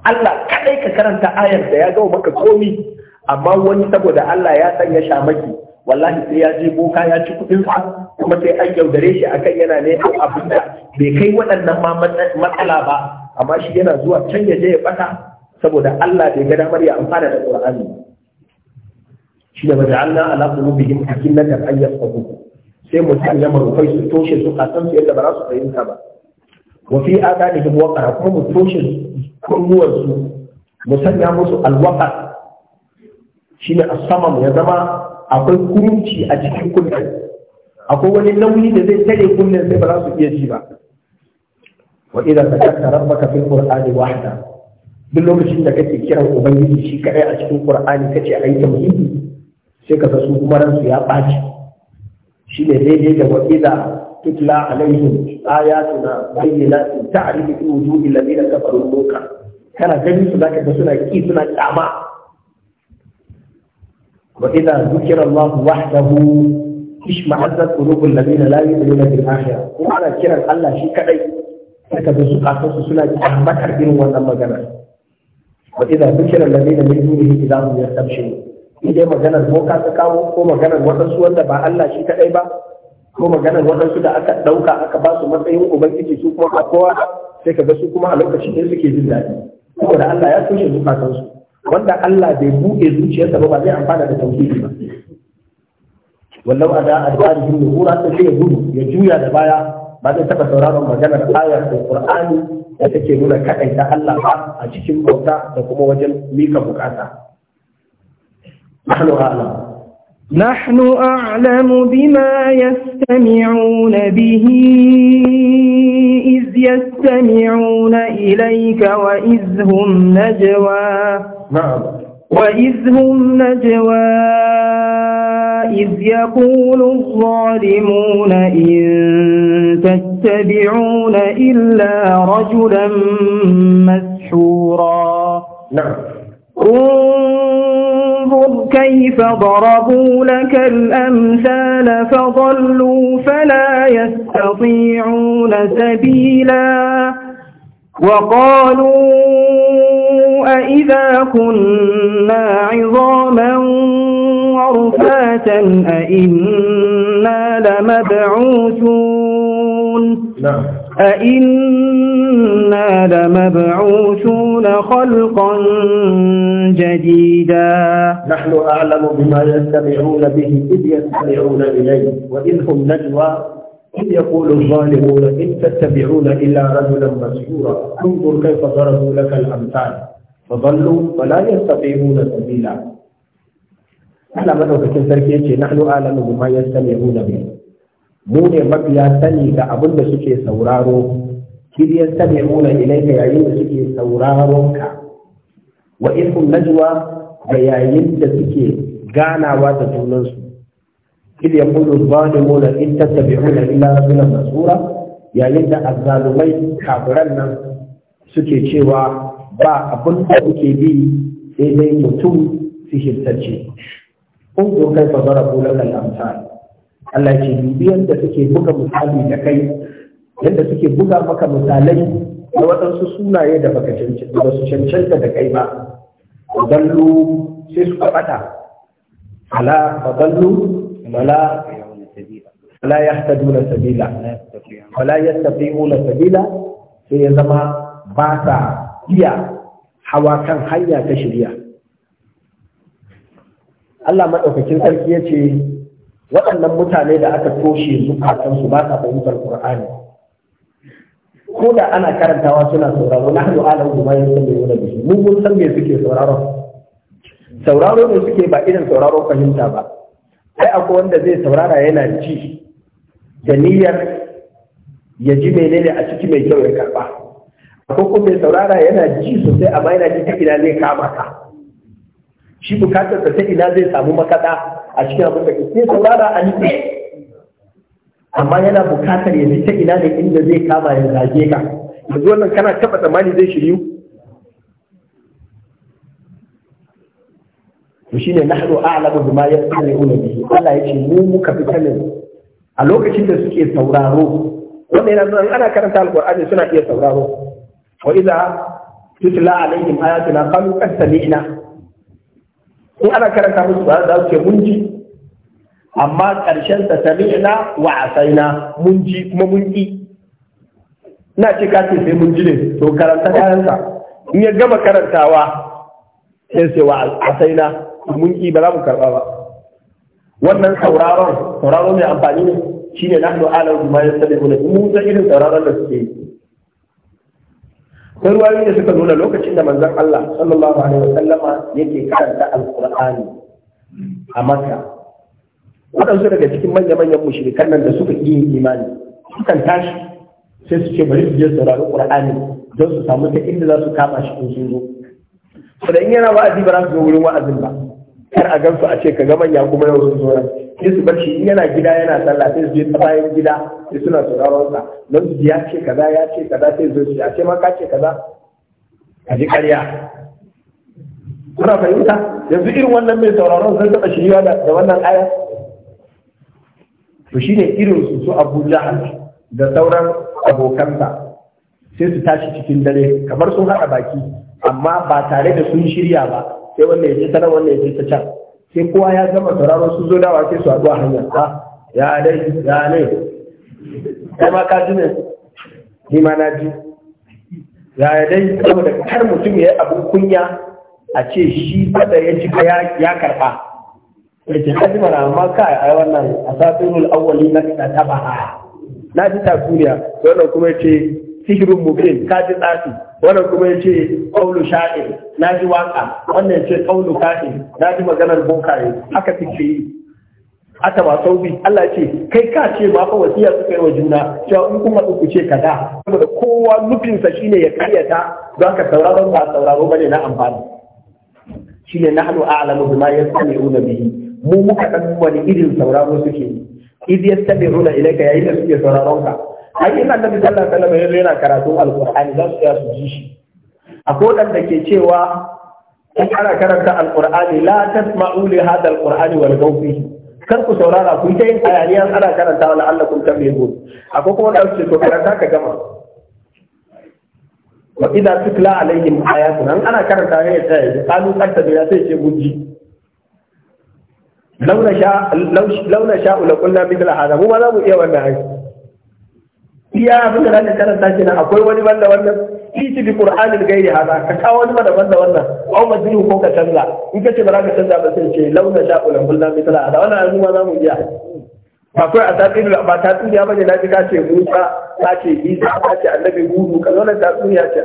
Allah kadai ka karanta ayar da ya gawo maka komi amma wani saboda Allah ya ya shamaki wallahi sai ya je boka ya ci kudin sa kuma sai an yaudare shi akan yana ne abin da bai kai waɗannan ma matsala ba amma shi yana zuwa can ya je ya bata saboda Allah bai ga damar ya amfana da Qur'ani shi da waja'alna ala qulubihim akinnatan an sai sai mu maro kai su toshe su kasan yadda ba za su fahimta ba wa da adanihim waqara kuma mu toshe kunnuwan mu sanya musu shi ne a saman ya zama akwai kurunci a cikin kunnen akwai wani nauyi da zai tare kunnen sai ba za su iya ji ba wa idan zakarta rabbaka fil qur'ani wahda duk lokacin da kake kiran ubangiji shi kadai a cikin qur'ani kace ta muhimmi? sai ka su kuma ransu ya baci shi ne daidai da wa idan tutla alaihim ayatuna bayyinatin ta'rifu fi wujuhi alladhina kafaru munkar kana gani su zaka ga suna ki suna kyama wa idza dhukira Allah wahdahu ishma'azzat qulubul ladina la yu'minuna bil kuma ana kiran Allah shi kadai saka da su kasansu suna kyamatar irin wannan magana wa idza dhukira alladina min dunihi idza hum yastabshirun idan maganar boka ta kawo ko maganar waɗansu wanda ba Allah shi kaɗai ba ko maganar waɗansu da aka ɗauka aka ba su matsayin ubangiji su kuma a kowa sai ka ga su kuma a lokacin da suke jin daɗi saboda Allah ya toshe zukatansu wanda Allah bai buɗe zuciyarsa ba ba zai amfana da tauhidi ba wallau ada adbarihim nuhura ta ce gudu ya juya da baya ba zai taɓa sauraron maganar ayar da Qur'ani da take nuna ta Allah ba a cikin bauta da kuma wajen mika bukata. Allah. نحن أعلم بما يستمعون به إذ يستمعون إليك وإذ هم نجوى نعم وإذ هم نجوى إذ يقول الظالمون إن تتبعون إلا رجلا مسحورا نعم كيف ضربوا لك الأمثال فضلوا فلا يستطيعون سبيلا وقالوا أئذا كنا عظاما ورفاتا أئنا لمبعوثون نعم أئنا لمبعوثون خلقا جديدا نحن أعلم بما يستمعون به إذ يستمعون إليه وإذ هم نجوى إذ يقول الظالمون إن تتبعون إلا رجلا مسحورا انظر كيف ضربوا لك الأمثال فضلوا ولا يستطيعون سبيلا أعلم أنه نحن أعلم بما يستمعون به mu ne mafiya sani ga abin da suke sauraro kiriyar sani muna ilaika yayin da suke sauraron wa ihun najuwa da yayin da suke ganawa da junansu kil yaqulu zalimuna in tattabi'una illa rasulan masura yayin da azzalumai kafiran nan suke cewa ba abin da kuke bi sai dai mutum sihirtacce kun zo kai fa kula kan amsal Allah ce dubi yadda suke buga misali da kai yadda suke buga maka misalai da waɗansu sunaye da baka cancanta ba su cancanta da kai ba dallu sai suka bata ala fadallu mala wala yahtaduna sabila wala yastati'una sabila sai ya zama ba sa iya hawa kan hanya ta shirya Allah maɗaukakin sarki ya ce waɗannan mutane da aka toshe zukatansu ba sa fahimtar Qur'ani ko da ana karantawa suna sauraro na hannu alam kuma yin sun bayyana da mu mun san me suke sauraro sauraro ne suke ba irin sauraro fahimta ba ai akwai wanda zai saurara yana ji da niyyar ya ji menene a ciki mai kyau ya karba akwai kuma mai saurara yana ji sosai amma yana ji ta ina zai kama ka shi da ta ina zai samu makaɗa a cikin abin da sai saurara a nufi amma yana bukatar ya fita ina ne inda zai kama ya zage ka yanzu wannan kana taba tsammani zai shiryu to shine nahnu a'lamu bima yasma'una bihi Allah ya ce mu muka fita ne a lokacin da suke sauraro wannan yana nuna ana karanta alqur'ani suna iya sauraro wa idza tutla alaihim ayatuna qalu qad sami'na in ana karanta musu ba za su ce mun ji amma ƙarshen sa sami'na wa asaina mun ji kuma mun ki na ce ka ce sai mun ji ne to karanta kayan sa in ya gama karantawa sai sai wa asaina mun ki ba za mu karba ba wannan sauraron sauraron mai amfani ne shine nahnu ma bima yastabiquna mu da irin sauraron da suke yi sai ruwayoyi da suka nuna lokacin da manzon Allah sallallahu alaihi wasallama yake karanta alqur'ani a Makka waɗansu daga cikin manya-manyan mushrikan nan da suka yi imani sukan tashi sai su ce bari su je saurari qur'ani don su samu ta inda za su kama shi in zo zo saboda in yana wa'azi ba za su zo wurin wa'azin ba kar a gansu a ce ka ga manya kuma yau sun zo sai su barci in yana gida yana sallah sai su je ta bayan gida sai suna sauraron sa don su ya ce kaza ya ce kaza sai su shi a ce ma ka ce kaza a ji ƙarya kuna fahimta yanzu irin wannan mai sauraron sun taɓa shiriwa da wannan aya to shine irin su su Abu Jahal da sauran abokansa sai su tashi cikin dare kamar sun haɗa baki amma ba tare da sun shirya ba sai wanda ya je ta nan wanda ya je ta can sai kowa ya gama sauraro su zo dawa sai su a a hanyar ba ah, ya dai ya ne kai ma ka ji ne ni ma na ji ya dai saboda kar mutum ya yi abin kunya a ce shi fada ya ji ya karɓa ya ce ka ji mana amma ka a wannan a safirul awwali na ta taba na ji tasiriya wannan kuma ya ce sihirin mubin ka ji tsafi wannan kuma ya ce ƙaunu sha'in na ji waƙa wannan ya ce ƙaunu ka'in na ji maganar bokaye haka suke yi ata ba sau bi Allah ce kai ka ce ba fa wasiya suka yi wa juna cewa in kuma ku ce da saboda kowa nufinsa shine ya karyata don ka sauraron ba sauraro bane na amfani shine a a'lamu bima una bihi mu muka ɗan wani irin sauraro suke yi idh una ilayka yayin da suke sauraron ka Ayi in da sallallahu alaihi wasallam yana karatun alqur'ani za su iya su ji shi akwai da ke cewa in ana karanta alqur'ani la tasma'u li hadha alqur'ani wal gawfi kar ku saurara ku ta yin hayaniya ana karanta wa la'allakum tablihun akwai kuma da su ce to karanta ka gama wa idza tutla alaihim An ana karanta ne ya tsaya kalu kanta da ya sai ce guji launa sha launa sha ula kullu mithla hada mu ba za mu iya wannan aiki. iya abin da zaka karanta na, akwai wani banda wannan iti bi qur'anil gairi hada ka kawo wani banda banda wannan au majiru ko ka canza in ka ce ba za ka canza ba sai ce launa sha ulan bulla mithla hada wannan yanzu za mu iya ba kai a tatsuniya ba tatsuniya bane na ji ce Musa ka ce Isa ka ce annabi Hudu ka zo na tatsuniya ce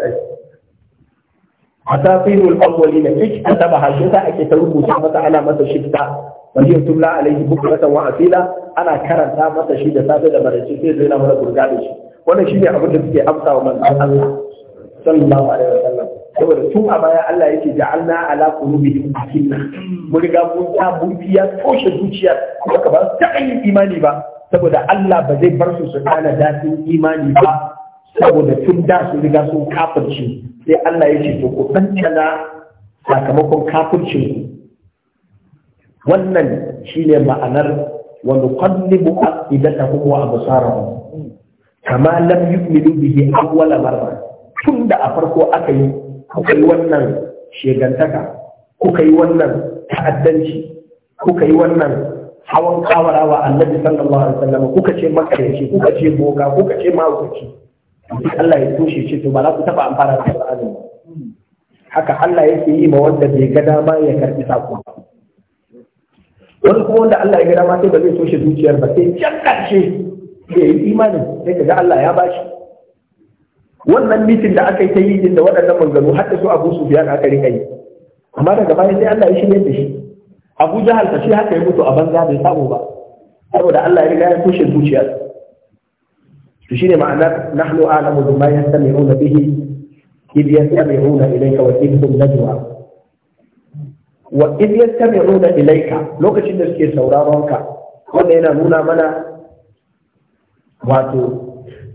ai ul awwalina kike ta ba hajjata ake ta rubuta masa ana masa shifta wani yau tumla alaihi bukuratan wa asila ana karanta masa shi da safe da marace sai zai na mana burga da shi wannan shi ne abin da suke amsa wa manzon Allah sallallahu alaihi wasallam saboda tun a baya Allah yake ja'alna ala qulubihim akinna mun riga mun ta burbiya toshe zuciya kuma ka ba ta yin imani ba saboda Allah ba zai bar su su kana dafin imani ba saboda tun da su riga sun kafirci sai Allah ya ce to ku tantana sakamakon kafircin ku wannan shine ma'anar wa nuqallibu afidatahum wa absarahum kama lam yu'minu bihi awwal marra tun da a farko aka yi kuka yi wannan shegantaka kuka yi wannan ta'addanci kuka yi wannan hawan kawara wa annabi sallallahu alaihi wasallam kuka ce makarici kuka ce boka kuka ce mahaukaci Allah ya toshe ce to ba za ku taba amfana da Qur'ani haka Allah yake yi ma wanda bai ga dama ya karbi sako wani kuma wanda Allah ya ga dama sai ba zai toshe zuciyar ba sai can ƙarshe da ya yi imanin sai ka ga Allah ya bashi wannan mitin da aka yi ta yi din da waɗannan manzanni har da su Abu Sufyan aka rika yi amma daga baya sai Allah ya shirye da shi Abu Jahal fa shi haka ya mutu a banza bai samu ba saboda Allah ya riga ya toshe zuciyar to shine ma'ana nahnu a'lamu bima yastami'una bihi idh yastami'una ilayka wa idh hum wa in yastami'una Ilaika lokacin da suke sauraron ka wanda yana nuna mana wato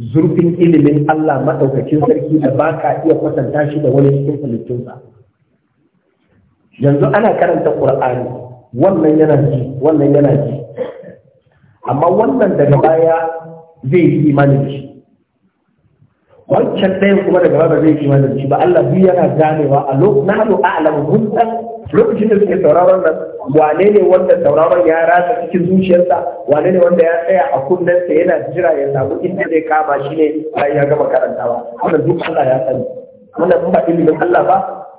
zurfin ilimin Allah madaukakin sarki da ba ka iya kwatanta shi da wani cikin halittunsa yanzu ana karanta Qur'ani wannan yana ji wannan yana ji amma wannan daga baya zai yi imani da shi wancan ɗayan kuma daga ba zai kima da shi ba Allah biyu yana ganewa a lokacin na hannu a'lamu mun san lokacin da suke sauraron nan wane ne wanda sauraron ya rasa cikin zuciyarsa wane ne wanda ya tsaya a kunnensa yana jira ya samu inda zai kama shi ne bayan ya gama karantawa wannan duk Allah ya sani wannan ba ilimin Allah ba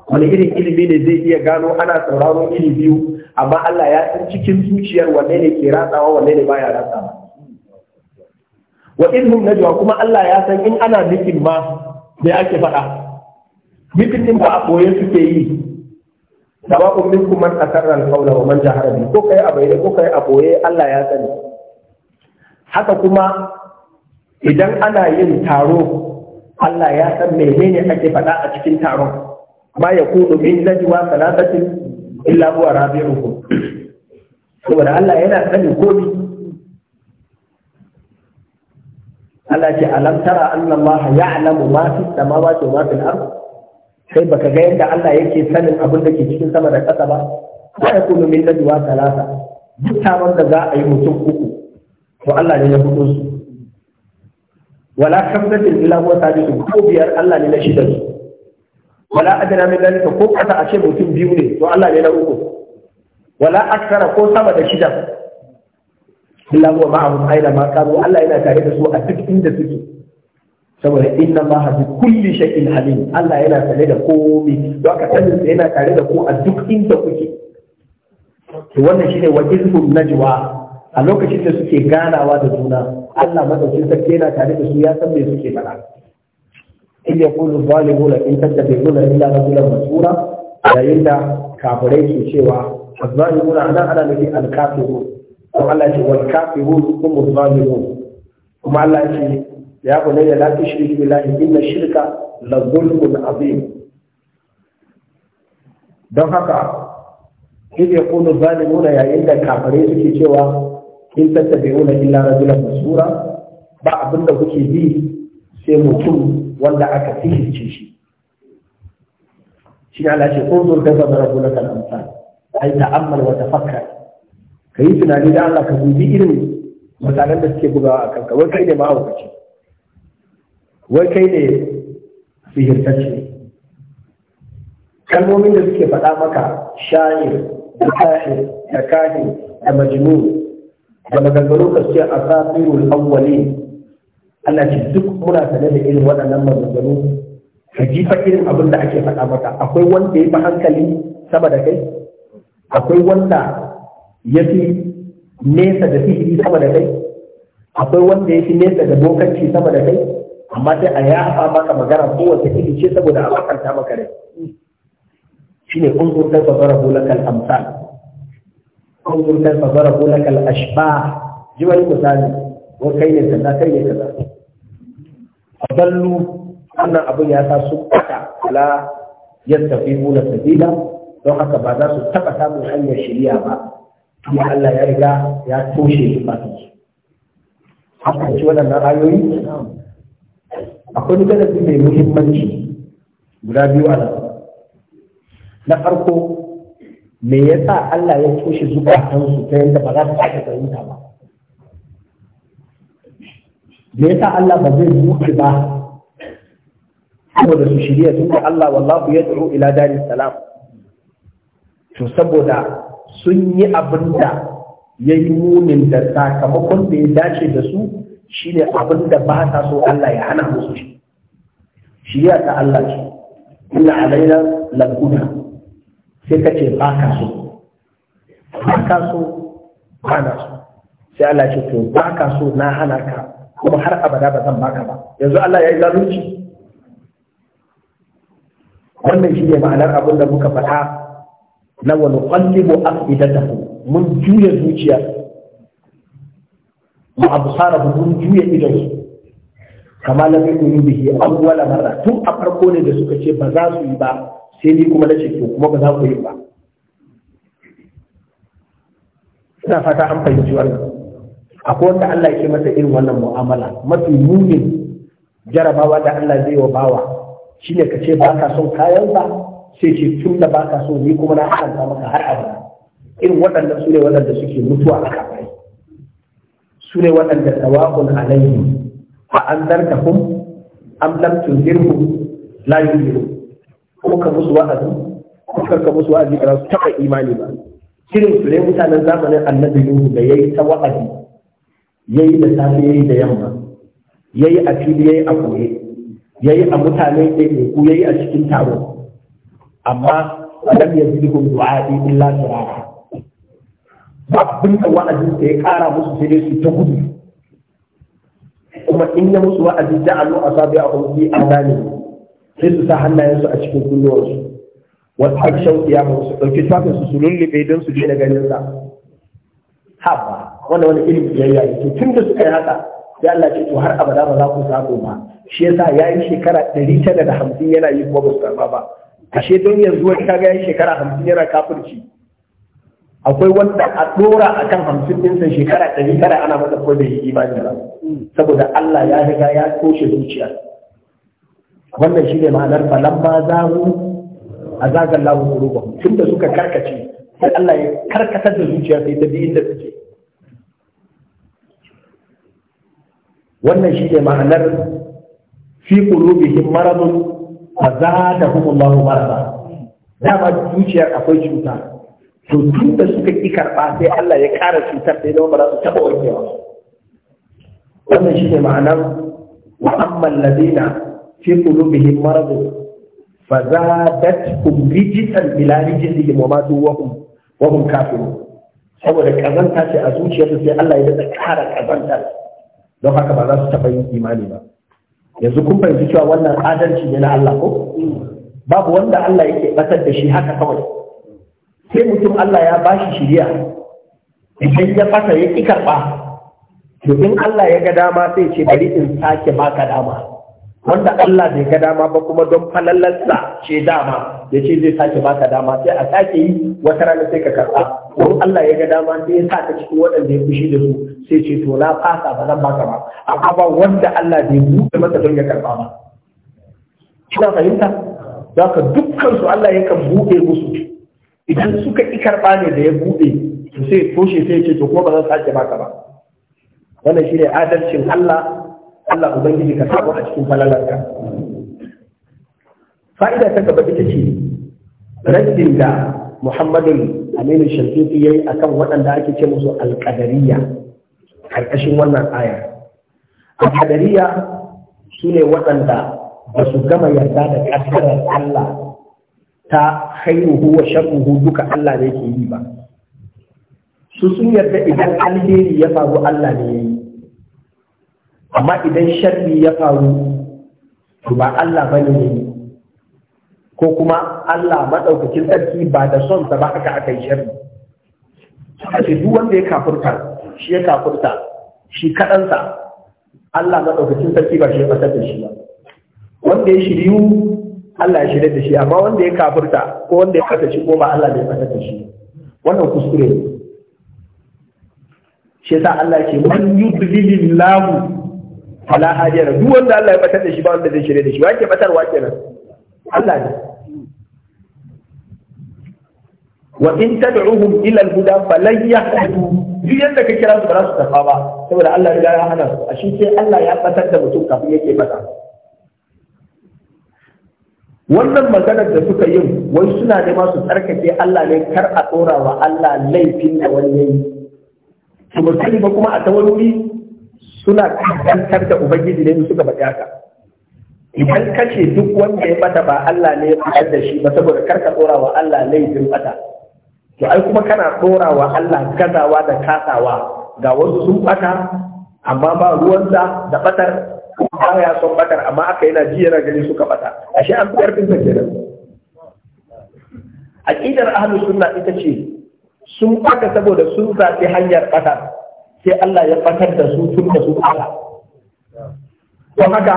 wani irin ilimi ne zai iya gano ana sauraron iri biyu amma Allah ya san cikin zuciyar wanne ne ke ratsawa wanne ne baya ratsawa wa idhum najwa kuma Allah ya san in ana nufin ma me ake faɗa mitin din ba a boye suke yi sawa'un minkum man a al-qawla wa man jahara bi ko kai a bayyane ko kai a boye Allah ya sani haka kuma idan ana yin taro Allah ya san menene ake faɗa a cikin taron ma ya kudu min najwa salatatin illa huwa rabi'uhum saboda Allah yana sani komi Allah ce alam tara anna ya alamu ma fi ba wa ma fil ard kai baka ga yadda Allah yake sanin abin da ke cikin sama da ƙasa ba Ba ya yakunu min najwa talata, duk taron da za a yi mutum uku to Allah ne ya fito su wala khamsatin illa huwa sadiqu ko biyar Allah ne na shida su wala adana min dalika ko kasa a ce mutum biyu ne to Allah ne na uku wala aksara ko sama da shida illa huwa ma'ahum aina ma kanu Allah yana tare da su a duk inda suke saboda inna ma bi kulli shay'in alim Allah yana tare da komai to aka sanin sa yana tare da ku a duk inda kuke to wannan shine wa izhum najwa a lokacin da suke ganawa da juna Allah madaukin sarki yana tare da su ya san me suke faɗa in yaqulu zalimuna in tattabi'una illa rajulan masura yayin da kafirai ke cewa azzalimuna anan ana nufi alkafiru kuma Allah ce wal kafirun hum zalimun kuma Allah ce ya bunayya la tushriku billahi inna shirka la zulmun azim don haka idan ya kunu zalimuna yayin da kafare suke cewa in tattabi'una illa rajulan masura ba abin da kuke bi sai mutum wanda aka sihirce shi shi ne Allah ce zama rabu na kalamta amsal yi ta'ammal wa tafakkar ka yi tunani da Allah ka dubi irin misalan da suke bugawa a kanka wai kai ne mahaukaci wai kai ne sihirtacce kalmomin da suke faɗa maka sha'ir da kashi da kashi da majnun da maganganu ka ce asafirul awwali Allah ce duk muna sane da irin waɗannan maganganu ka ji fa irin abin da ake faɗa maka akwai wanda ya fi hankali sama da kai akwai wanda ya fi nesa da sihiri sama da kai akwai wanda ya fi nesa da bokanci sama da kai amma sai a yafa maka magana wata iri ce saboda a bakanta maka rai Shi ne unzur kai fa darabu lakal amsal unzur kai fa darabu lakal ashba ji wani misali ko kai ne kaza kai ne kaza ballu wannan abin ya sa su kata fi yastafihuna sabila don haka ba za su taba samun hanyar shari'a ba kuma Allah ya riga ya toshe zukatan su haka ci waɗannan ayoyi akwai duk da mai muhimmanci guda biyu a nan na farko me yasa Allah ya toshe zukatan su ta yadda ba za su sake fahimta ba me yasa Allah ba zai buɗe ba saboda su shirya sun da Allah wallahu yad'u ila daris salam to saboda sun yi abin da ya yi munin da sakamakon da ya dace da su shi ne abin da ba ta so Allah ya hana musu shi shi ya ta Allah ce ina alaina lalguna sai ka ce ba ka so ba ka so ba na so sai Allah ce to ba ka so na hana ka kuma har abada ba zan baka ba yanzu Allah ya yi zalunci wannan shi ne ma'anar abin da muka faɗa na wani ƙwallibu afidatahu mun juya zuciya mu absarahu mun juya su kama lam yakunu bihi awwala marra tun a farko ne da suka ce ba za su yi ba sai ni kuma na ce to kuma ba za ku yi ba ina fata an fahimci wannan akwai wanda Allah ke masa irin wannan mu'amala mafi munin jarabawa da Allah zai wa bawa shine ka ce ba ka son kayan ba sai ce tun da baka so ni kuma na haramta maka har abada irin waɗannan su ne waɗanda suke mutuwa a kafirai su ne waɗanda tawakun alaihi fa an zarta kun am lam tunzirhum la yunzirun ko ka musu wa'azi ko ka musu wa'azi ba su taɓa imani ba irin su ne mutanen zamanin annabi Nuhu da yayi ta wa'azi yayi da safe yayi da yamma yayi a fili yayi a koye yayi a mutane ɗaiɗaiku yayi a cikin taron. amma alam yazidukum du'a'i illa sirara ba bin da wa'azin sa ya kara musu sai dai su ta gudu kuma in ya musu wa'azi ja'alu asabi'ahum a adanihim sai su sa hannayensu a cikin kunnuwansu wasu harshen ya su ɗauki tafin su su lullube don su daina ganin sa haba wanda wani irin biyayya ne tun da suka yi haka sai Allah ce to har abada ba za ku samu ba shi yasa yi shekara hamsin yana yi kuma ba su karba ba ashe don yanzu wani kaga ya shekara hamsin yana kafirci akwai wanda a dora a kan hamsin ɗinsa shekara ɗari tara ana masa ko da yi imanin ba saboda Allah ya riga ya toshe zuciya wannan shi ne ma'anar falamma za mu a zagar lawun ƙuruba tun da suka karkace sai Allah ya karkatar da zuciya sai ta biyin da suke wannan shi ne ma'anar fi ƙulubihim maradun fa zadahum Allahu marza dama zuciyar akwai cuta to tun da suka ki karɓa sai Allah ya ƙara cutar sai da ba za su taɓa wankewa wannan shi ne ma'anar wa amman ladina fi qulubihim marad fa zadatkum rijsan ila rijsihim wa matu wa hum saboda kazanta ce a zuciyarsu sai Allah ya daɗa ƙara kazanta don haka ba za su taɓa yin imani ba yanzu kun fahimci cewa wannan adalci ne na Allah ko babu wanda Allah yake batar da shi haka kawai sai mutum Allah ya bashi shiriya idan ya fasa ya ki to in Allah ya ga dama sai ce bari in sake baka dama wanda Allah bai ga dama ba kuma don falalarsa ce dama ya ce zai sake baka dama sai a sake yi wata rana sai ka karɓa don Allah ya ga dama sai ya saka cikin waɗanda ya fushi da su sai ce to na fasa ba zan baka ba amma ba wanda Allah bai buɗe masa don ya karɓa ba kina fahimta za ka dukkan su Allah yakan buɗe musu idan suka ki karɓa ne da ya buɗe to sai toshe sai ce to kuma ba zan sake baka ba wannan shine adalcin Allah Allah ubangiji ka sabo a cikin falalarka fa'ida ta gaba ita ce raddin da Muhammadun Aminu ya yi a kan waɗanda ake ce musu alƙadariya karkashin wannan aya alƙadariya ne waɗanda ba su gama yarda da ƙaddarar Allah ta khairuhu wa sharruhu duka Allah ne ke yi ba su sun yarda idan alheri ya faru Allah ne ya yi amma idan sharri ya faru to ba Allah ba ne ko kuma Allah madaukakin sarki ba da son sa ba aka aka yi sharri ce duk wanda ya kafurta shi ya kafurta shi kaɗansa Allah maɗaukacin sarki ba shi ya fasar da shi ba wanda ya shiryu Allah ya shirya da shi amma wanda ya kafurta, ko wanda ya fasa shi ko ba Allah bai fasar da shi wannan kuskure ne shi yasa Allah ya ce man yudlilillahu Hala hajiyar duk wanda Allah ya batar da shi ba wanda zai shirye da shi wake batarwa kenan Allah ne wa in tad'uhum ila al-huda falan yahtadu duk yanda ka kira su ba su tafa ba saboda Allah ya ya hana su a shi sai Allah ya batar da mutum kafin yake bata wannan maganar da suka yin wai suna da masu tsarkake Allah ne kar a tsora wa Allah laifin da wani yayi su kuma a ta suna kankantar da ubangiji ne suka faɗi haka idan ka ce duk wanda ya bata ba Allah ne ya fitar da shi ba saboda karka tsora wa Allah laifin bata to ai kuma kana tsora wa Allah gazawa da kasawa ga wasu sun bata amma ba ruwansa da batar ba ya son batar amma aka yana ji yana gani suka bata ashe an fi karfin sa kenan aqidar ahlus sunna ita ce sun bata saboda sun zaɓi hanyar bata sai Allah ya batar da su tun da su ala. don haka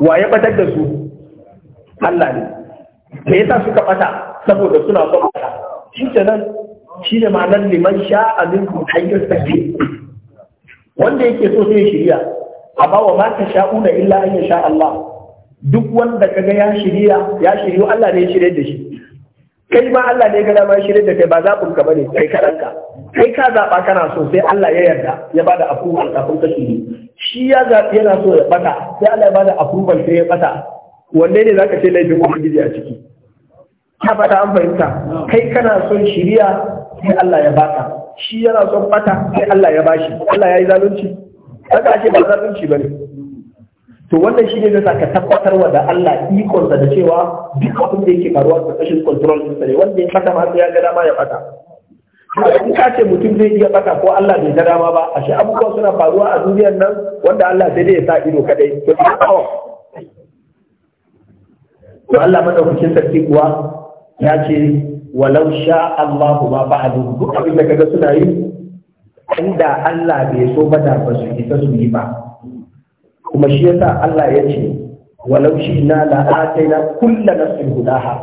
wa ya batar da su Allah ne me yasa suka bata saboda suna son bata ke nan shi ne ma'anar liman sha'a minkum hayyar sabbi wanda yake so sai shirya amma wa ma ta sha'una illa an yasha Allah duk wanda kaga ya shirya ya shiryu Allah ne ya shirya da shi kai ma Allah ne ga dama shirin da kai ba zaɓin ka bane kai karanka kai ka zaɓa kana so sai Allah ya yarda ya bada approval kafin ka shiri shi ya zaɓi yana so ya bata sai Allah ya bada approval sai ya bata wanne ne zaka ce laifin ubangiji a ciki ka fata an fahimta kai kana son shiriya sai Allah ya baka shi yana son bata sai Allah ya bashi Allah ya yi zalunci haka ake ba zalunci bane to wannan shi ne zai ka tabbatar wa da Allah ikonsa da cewa duk abin da yake faruwa da kashin control din ne wanda ya fata ma ya ga dama ya fata in ka ce mutum zai iya fata ko Allah bai ga dama ba ashe abubuwa suna faruwa a duniyar nan wanda Allah sai dai ya sa ido kadai to to Allah madaukakin sarki kuwa ya ce walau sha Allahu ma fa'alu duk abin da kaga suna yi inda Allah bai so ba da ba su isa su yi ba kuma shi yasa Allah ya ce walau shi na la'atai na kulla na hudaha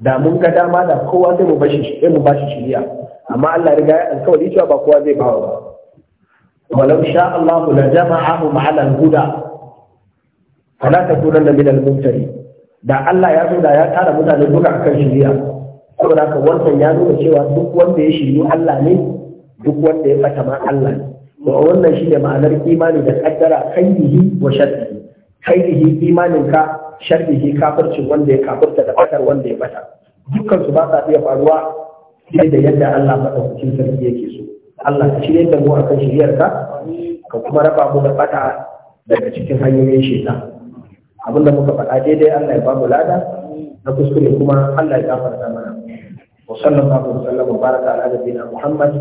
da mun ga dama da kowa zai mu bashi mu bashi shiriya amma Allah riga ya alkawari cewa ba kowa zai bawa ba walau sha Allah la jama'ahu ala al-huda fala takunanna min al-mumtari da Allah ya zuwa ya tara mutane duka akan shiriya saboda ka wannan ya nuna cewa duk wanda ya shiryu Allah ne duk wanda ya fata ma Allah ne wa wannan ne ma'anar imani da kaddara khairihi wa sharrihi khairihi imanin ka sharrihi kafircin wanda ya kafirta da fatar wanda ya fata dukkan su ba sa iya faruwa sai da yadda Allah madaukakin sarki yake so Allah ka shirye da mu akan shiryar ka ka kuma raba mu da fata daga cikin hanyoyin shaitan da muka faɗa daidai Allah ya ba lada na kuskure kuma Allah ya gafarta mana wa sallallahu alaihi wa sallam baraka ala nabiyina Muhammad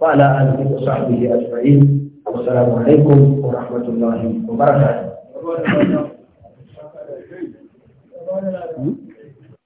وعلى آله وصحبه أجمعين والسلام عليكم ورحمة الله وبركاته